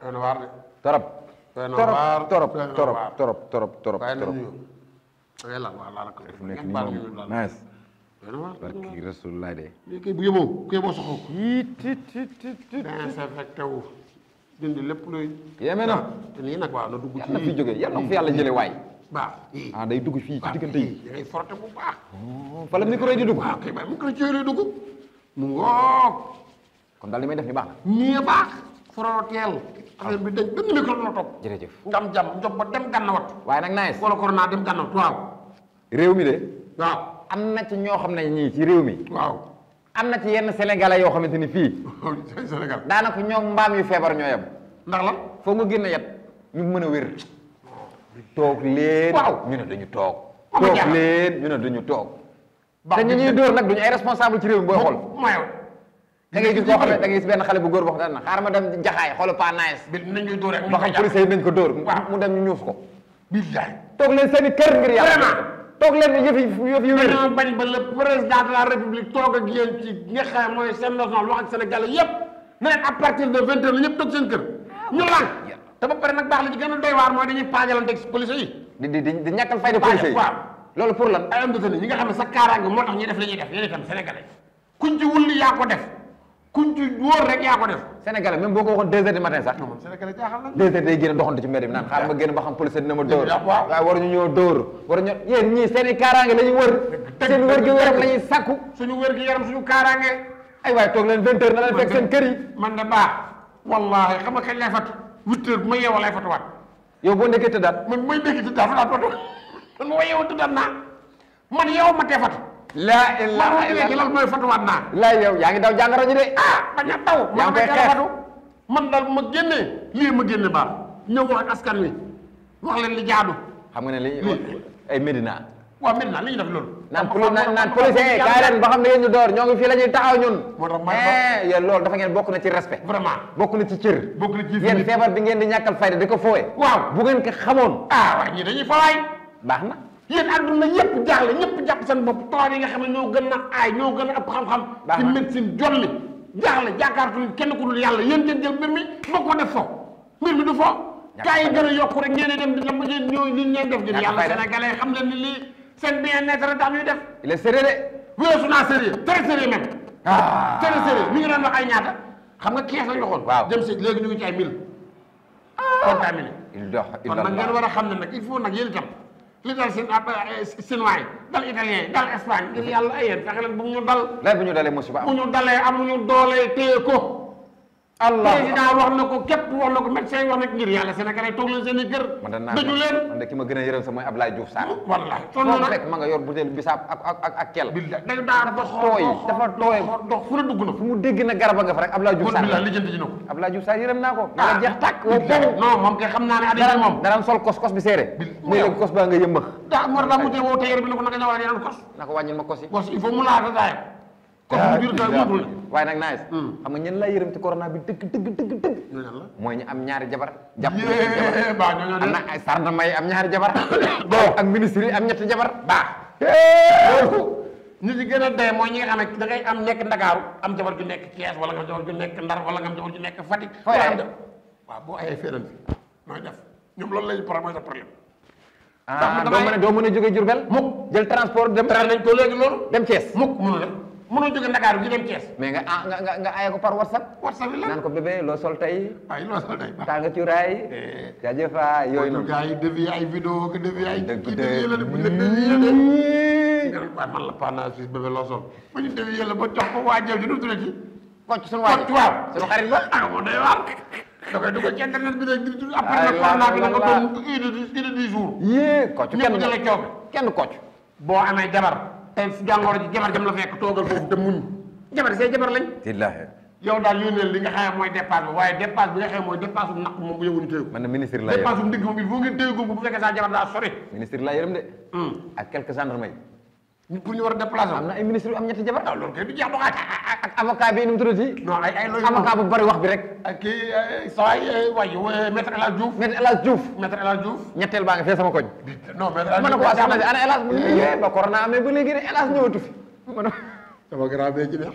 torop torop torop torop torop torop torop fu nekk nii moom nice barki rasulullah de kii bu yëmoo kii boo soxoo ko tiit tiit tiit désinfecté wu dindi lépp luy yeme na te nii nag waaw na dugg ci yàlla fi jógee yàlla fi yàlla jële waay baax ah day dugg fii ci diggante yi da ngay forte bu baax fala micro yi di dugg kay ba micro yi dugg mu ngoog kon daal li may def ni baax na nii baax foroteel affaire bi dañ benn micro la topp. jërëjëf nga am jàmm njob ba dem gànnaawaat. waaye nag nice wala corona dem gànnaawaat waaw. réew mi de. waaw am na ci ñoo xam ne ñii ci réew mi. waaw am na ci yenn sénégalais yoo xamante ni fii. Oh, Sénégal daanaka ñoom mbaam yu feebar ñoo yem. ndax la foog nga génne yat ñu mën a wér. toog leen. waaw ñu ne dañu toog. toog leen ñu ne dañu toog. te ñu ñuy dóor nag duñu ay responsable ci réew mi booy xool. da ngay gis benn xale bu góor boo xam ne xaaral ma dem jaxaay xoolu pa naes nañuy dóor ba xam police yi nañ ko toog leen seen i kër ngir yàlla toog leen yi yëf yi wér dañoo bañ ba le président de toog ak yéen ci nga xam mooy seen national wax ak sénégalais yëpp na leen toog seen kër ah, ñu a doy waar mooy yaa ko def ku ci wóor rek yaa ko def sénégalais même boo ko waxoon deux heures du matin sax sénégalais jaaxal na deux heures day génn doxantu ci mbedd bi naan xaaral ma génn ba xam police ma dóor waaw waruñu ñoo dóor waruñu yéen ñii seen la ñu wër seen wër na leen fekk seen kër yi man da baax wallaahi xam ma yeewoo lay fatuwaat ma yeewoo tëddaat ma tee laa illaa illaa lan mooy fatuwaat naa. laa yaa ngi daw jàngoro ji de. Ah, a taw. yaa ngi koy xeex man daal bu ma génnee. lii ma génne baal ñëw wax askan wi wax leen li jaadu. xam nga ne li ay Medina. waaw Medina li ñu def loolu. naan poli naan policier kaay leen ba xam ne yéen ñu door ñoo ngi fii la ñuy taxaw ñun. moo tax man eh, yéen dafa ngeen bokk na ci respect. vraiment bokk na ci cër. bokk ci yéen feebar bi ngeen di ñàkkal fayda di ko foowe. waaw bu ngeen ko xamoon. ah waaye ñii dañuy fawaay. baax na. yéen àdduna yëpp jaaxle ñëpp jàpp seen bopp tubaab xam ne ñoo gën a aay ñoo gën a ëpp kenn ku dul yàlla yéen ngeen jël mbir mi boo ko def fo mbir mi du fo a yokku rek ngeen dem di lamb ngeen ñooy li xam leen ni lii seen bien-être rek daal ñuy def il est sérieux de weesu naa sérieux ah. ah. a xam ne nag il faut nag yéen itam li eh, dal seen ab chinois yi dal italien dal Espagne ngir yàlla ayeen eh, fexe leen bu mu ñu dal. léegi bu ñu dalee musiba am bu ñu dalee amuñu doole téye ko. allah président wax na ko képp wax na ko médecin wax na ko ngir yàlla sénégalais toog leen seen a yërëm sa mooy Ablaye Diouf ma nga yor butéel dugg na na garaba nga fa rek Ablaye Diouf Sarr. kon li jënd ko. Ablaye naa ko. ah jeex tàkk woo ko. non moom kay xam naa ne adama moom. dara sol kos kos bi seere. muy léegi kos ba nga yëmbax. daa ah, war daa mujjee woo ko naka ñëwaat yeneen kos. yi. kos mu laata daayam. mu biir waaye nag nice hmm. xam nga ñen laa yërëm ci corona bi dëgg dëgg dëgg dëgg mooy ñu am ñaari jabar jàpp am na ay may am ñaari jabar ak ministre yi am ñetti jabar baax ñu ci gën a dee mooy ñi nga xam da ngay am nekk Ndakaaru am jabar ju nekk Thiès wala nga am jabar ju nekk Ndar wala nga am jabar ju nekk Fatick waaw boo ayee feeran fi nooy loolu lañu problème mooy sa problème ah, mën a doo mën a jógee Diourbel mukk jël transport dem tar nañ ko loolu dem Thiès mukk mënoo jóge Ndakaaru gi dem Thiès. mais nga ah nga nga aye ko par WhatsApp. WhatsApp la naan ko bébé loo sol tey. waaye loo sol tey. taa nga cuuraay. Eh. jaajëf a yooyu noonu. gars yi defi ay vidéo que defi ay. dëgg de la bu ba ñu ko waa Jabi nu tuddati. kocc suñu waay kocc waaw suñu xarit la. ah moo doy waar. da koy dugal ci internet bi rek di. après nag Pana bi la nga doon une une dix kocc kenn ñëpp kenn kocc. boo amee jabar. tey jàngoro ji jabar jam la fekk toogal foofu te muñ jabar say jabar lañ wallaahi yow daal yónneel li nga xam mooy dépense bi waaye dépense bi nga xam mooy dépense bu naq moom bu yëwoon téye ko man na ministre la dépense bu ndigg moom il faut ngeen téye ko bu fekkee sa jabar daa sori ministre la yërëm de hmm. ak quelques gendarmes pour ñu war a déplacer am na ay ministre yu am ñetti jabar. waaw ah, loolu kay du jeex doxaat. ak avocat bi nu mu tuddati. bari wax bi rek. kii saa yi ñetteel baa ngi fee sama koñ. non maître bu liggéey eh, ba corona amee ba léegi de El Hadj ñëwatu fi. ma ne ko. sama grand bee ci neex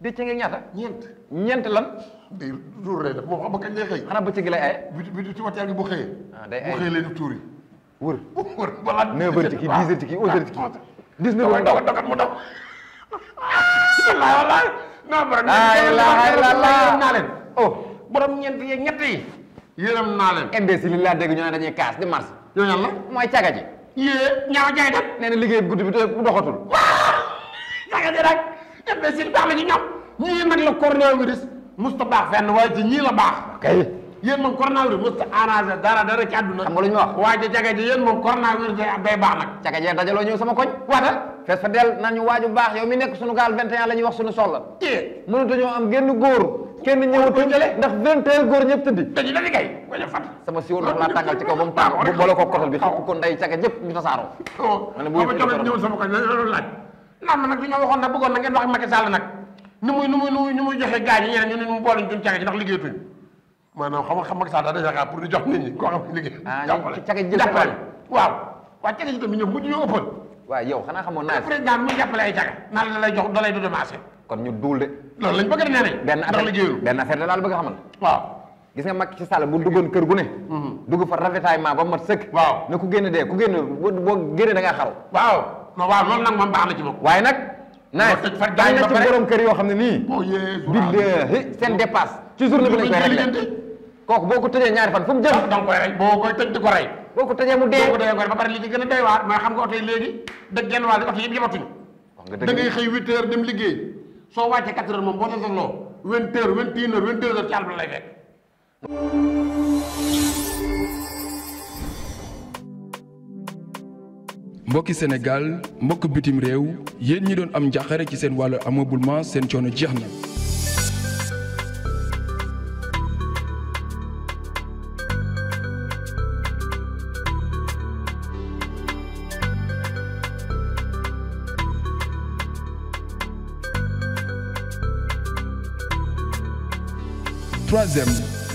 dëcc. ñeent lan. day ruur aye. bi bi bu xëyee. ah day aye bu xëyee lay def tuuri. wër wër balaa. 9h ci kii gis nga dogal dogal mu dox. wallaahi wallaahi. non naa yéen naa leen. oh borom ñeent yeeg ñett yi. yërëm naa leen. imbécile laa dégg ñu na dañuy kaas di mars. ñoo ñan la mooy caga ji. yéen ñaaw jaay dem. nee na liggéey guddi bi te doxatul. caga ji rek imbécile baax la ñu ñoom. ñii nag la coronavirus. musta baax fenn waaye ci ñii la baax. yéen moom coronavirus xam nga lu ñu wax waaye ca caga ji yéen moom coronavirus day baax nag. caga jee dajaloo ñëw sama koñ. waaw fees fa del naan ñu waaju baax yow mi nekk sunu gaal 21 la wax sunu soxla. mënatuñoo am génn góor. kenn ñëwatuñ ndax 21 góor ñëpp tëddi. dañuy ñu fat sama si mu tàng bu boole ko kotal bi xëpp ñu oh, ma ne bu ñëw sama koñ loolu laaj. nag dañoo waxoon nag bëggoon na ngeen wax Macky Sall nag ni muy ni muy ni muy joxe gaañ yi ñu ne mu boole ñu jun caga ji ndax liggéeyatuñ maanaam xam nga xam nga saa daal yaakaar pour di jox nit ñi koo xam ne liggéey. Ah, jàppale jàppale waaw. waaw caga ji tamit ñoom mujj ñoo ëppal. waaw yow xanaa xamoon naa. président mu jàppale ay caga naan la lay jox da lay du démarché. kon ñu duul de. loolu lañ bëgg a nee nañ. benn affaire benn affaire da laal bëgg a xamal. waaw. gis nga Macky Sall bu duggoon kër gu ne. Mm-hmm. dugg fa ravitaillement ba mat sëkk. waaw ne ku génne dee ku génne boo génne da ngaa xaru. waaw non waaw loolu nag moom baax na ci moom. waaye nag. naa daan na ci borom kër yoo xam ne nii. Oh, billaahi seen dépasse ci journée bi lañ koy réglé kooku boo ko tëjee ñaari fan fu mu jëm donc koy rey boo koy tëj di ko rey boo ko tëjee mu dee boo ko tëjee ko ba pare li ci gën a doy waar mooy xam nga oto yi léegi dëgg genn wàll oto yëpp yematuñu da ngay xëy huit heures dem liggéey soo wàccee quatre heures moom boo tasaloo vingt heures vingt une heures vingt deux heures ci àll bi lay fekk mbokki Sénégal mbokk bitim réew yéen ñi doon am njàqare ci seen wàllu ameublement seen coono jeex na troisième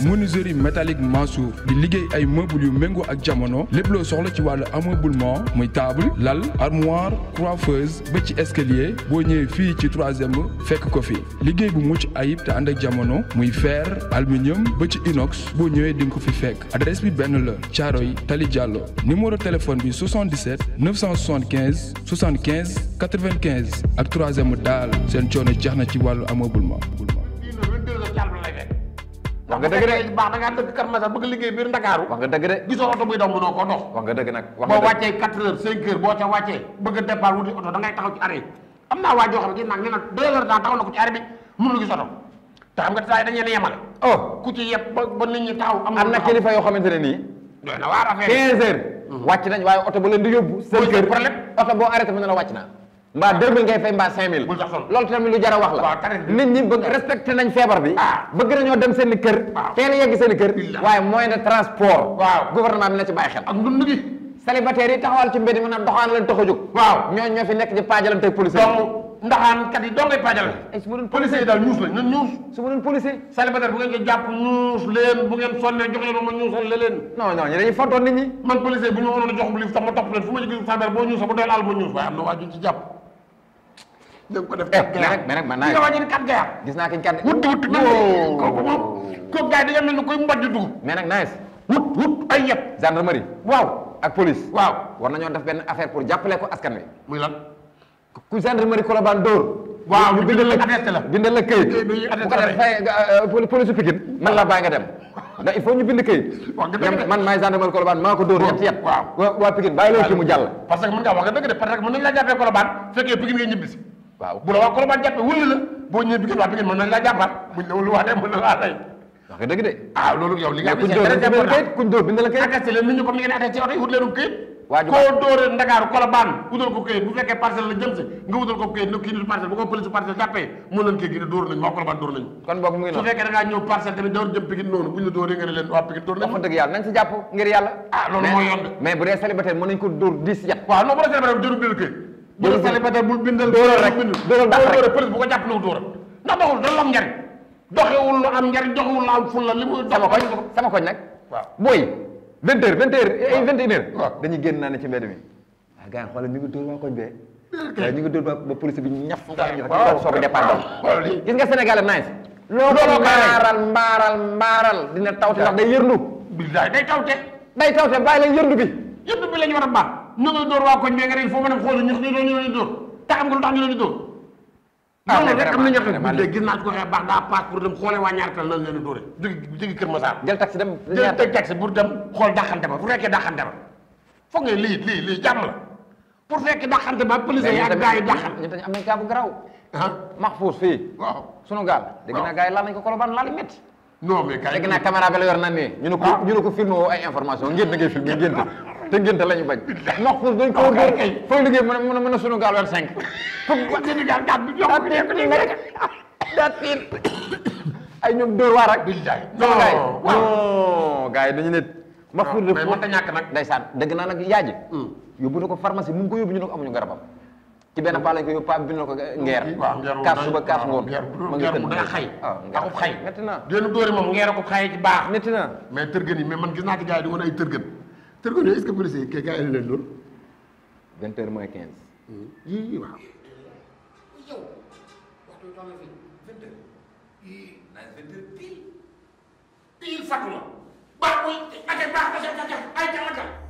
menuiserie métallique Mansour di liggéey ay meubles yu méngoo ak jamono lép loo soxla ci wàllu ameublement muy table lal armoire coiffeuse ba ci escalier boo ñëwee fii ci troisième fekk ko fi liggéey bu mucc ayib te ànd ak jamono muy fer aluminium ba ci inox boo ñëwee di nga ko fi fekk adresse bi benn la Thiaroye Tali Diallo numéro téléphone bi 77 975 75 95 ak troisième daal seen coono jeex na ci wàllu ameublement. wax nga dëgg de baax da ngaa dëgg Kër Masar bëgg liggéey biir Ndakaaru wax nga dëgg de gisoo oto buy daw mënoo koo dox wax nga dëgg nag boo wàccee quatre heures cinq heures boo ca wàccee bëgg a wuti oto da taxaw ci arrêt am naa waajoo xam ne gis naa ñu nag deux heures taxaw na ko ci arrêt bi mënul gis oto te xam nga taay dañu leen yemale oh ku ci yeb ba nit ñi taxaw am na kilifa yoo xamante ne na mhm. wàcc na mbaa deux ngay fay mbaa cinq mille tamit lu jar a wax la nit ñi bëgg respecté nañ feebar bi ah. bëgg nañoo dem seen kër teel a yegg kër waaye moyen de transport waaw gouvernement bi na ci bàyyi xel ak dund gi célibataire yi a jóg waaw ñooñ ndaxaan kat yi doo ngay paajal eh, su ma doon policier yi daal ñuus la ñun ñuus su ma doon policier bu ñuus leen fontoon nit ñi man policier bu ñu mënoon bu lif sax boo ñuus waaye am na waajun ci jàpp da ko def kat eh, gayaar mais nag man naa nga kat gayaar gis naa kiñ kat wut wut kooku moom kooku gars yi dañoo mel ni koy mbajj dugub mais nag nice wut wut ay yëpp gendarmerie waaw ak police waaw war nañoo def benn affaire pour jàppale ko askan wi muy lan ku gendarmerie Colobane dóor waaw ñu bindal la attesté la bindal la këyit bu ko defee euh, police Pikine man la bàyyi nga dem ndax il faut ñu bind këyit man maay gendarmerie Colobane maa ko dóor ñetti yet waaw waa Pikine bàyyi loo ci mu jàll parce que mën ngaa wax nga dëgg de parce que mën nañ laa jàppee Colobane fekkee Pikine nga ñibbisi waaw bu la waa Colobane jàppee wëll la boo ñëwee Pikine waa Pikine mën nañ laa jàppaat buñ la wëllu waatee mën na laa rey wax nga dëgg de ah loolu yow li nga kuñ dóor bind la kayit attesté leen nit ñi comme ni ngeen attesté ci oto yi wut leen kayit koo dóoree Ndakaaru Colobane wutal ko kayit bu fekkee parcelle la jëm si nga wutal ko kayit ne kii ni parcelle bu ko police parcelle jàppee mën leen kayit gi ne dóor nañ waa Colobane dóor nañ kon boog mu ngi noonu su fekkee da ngaa ñëw parcelle tamit dóor jëm Pikine noonu buñ la dóoree nga ne leen waa Pikine dóor nañ wax dëgg yàlla nañ si jàpp ngir yàlla ah loolu mooy yoon de mais bu dee célibataire mën nañ ko dóor dix yat waaw non bu dee célibataire dóor bind kayit bu la célibataire rek dóoral rek dóoral police bu ko jàpp lu dóoral ndax doxul da la am njariñ doxewul lu am njariñ doxewul lu am fulla li muy sama koñ sama koñ nag waaw booy vingt heures vingt heures ay vingt et génn naa ne ci mbedd mi waaw ah, gars yi xoolal ñu ngi dóor waa koñ bee waaye ñu ngi dóor ba police bi ñaf ñu soog a départ gis nga Sénégal nice loolu mbaaral mbaaral mbaaral dina tawte ndax day yërndu bilaay day tawte day tawte bàyyi la yërndu bi yërndu bi lañu war a baax na ngay dóor waa koñ bee nga ne foo mën a xool ñu ñu leen di dóor te xam nga lu tax ñu leen di dóor ah, loolu rek am na ñett gudde gis naa ko waxee baax daa paas pour dem xoole waa ñaari tal lañ leen di dóore jóge jóge Kër Massar jël taxi dem jël taxi pour dem xool daxante ba bu fekkee daxante ba foog nga lii lii lii jàmm la pour fekkee daxante ba police yi ak gars yi daxante ñu tañ am nañ kaa bu garaw ah Mahfouz fii waaw sunu gaal dégg naa gars yi laal nañ ko Colobane laal métti non mais dégg naa caméra bi la yor na nii ñu ne ko ah. ñu ne ko filmé ay information ngeen da ngay filmé ngeen tëggante la ñu bañ. ndax foofu dañ koo dóor foofu liggéey mën a mën a sunu gaal 25. foofu Sénégal gaal bi yokku nekk ay ñoom dóor waar ak. billaay non non gars yi dañu ne. Mahfouz de Fouta ñàkk nag ndeysaan dëgg naa nag yaaji hmm. yóbbu na ko pharmacie mu ngi ko yóbbu ñu ne ko amuñu garabam. ci benn paa lañ ko yóbbu ngeer. kaas suba kaas ngoon. ma ngi xay. waaw ah, xay. métti naa déedéet dóori moom baax. métti naa mais tërgën yi mais man gis naa ci gars yi di woon ay tërgën tërgono est-ce que policier yi gars yi leen loolu vingt heures moins quinze mmh. yii waaw yow waxtu toll fi vingt heures yii naa vingt heures pile pile fàttuma baax muy ate baax ay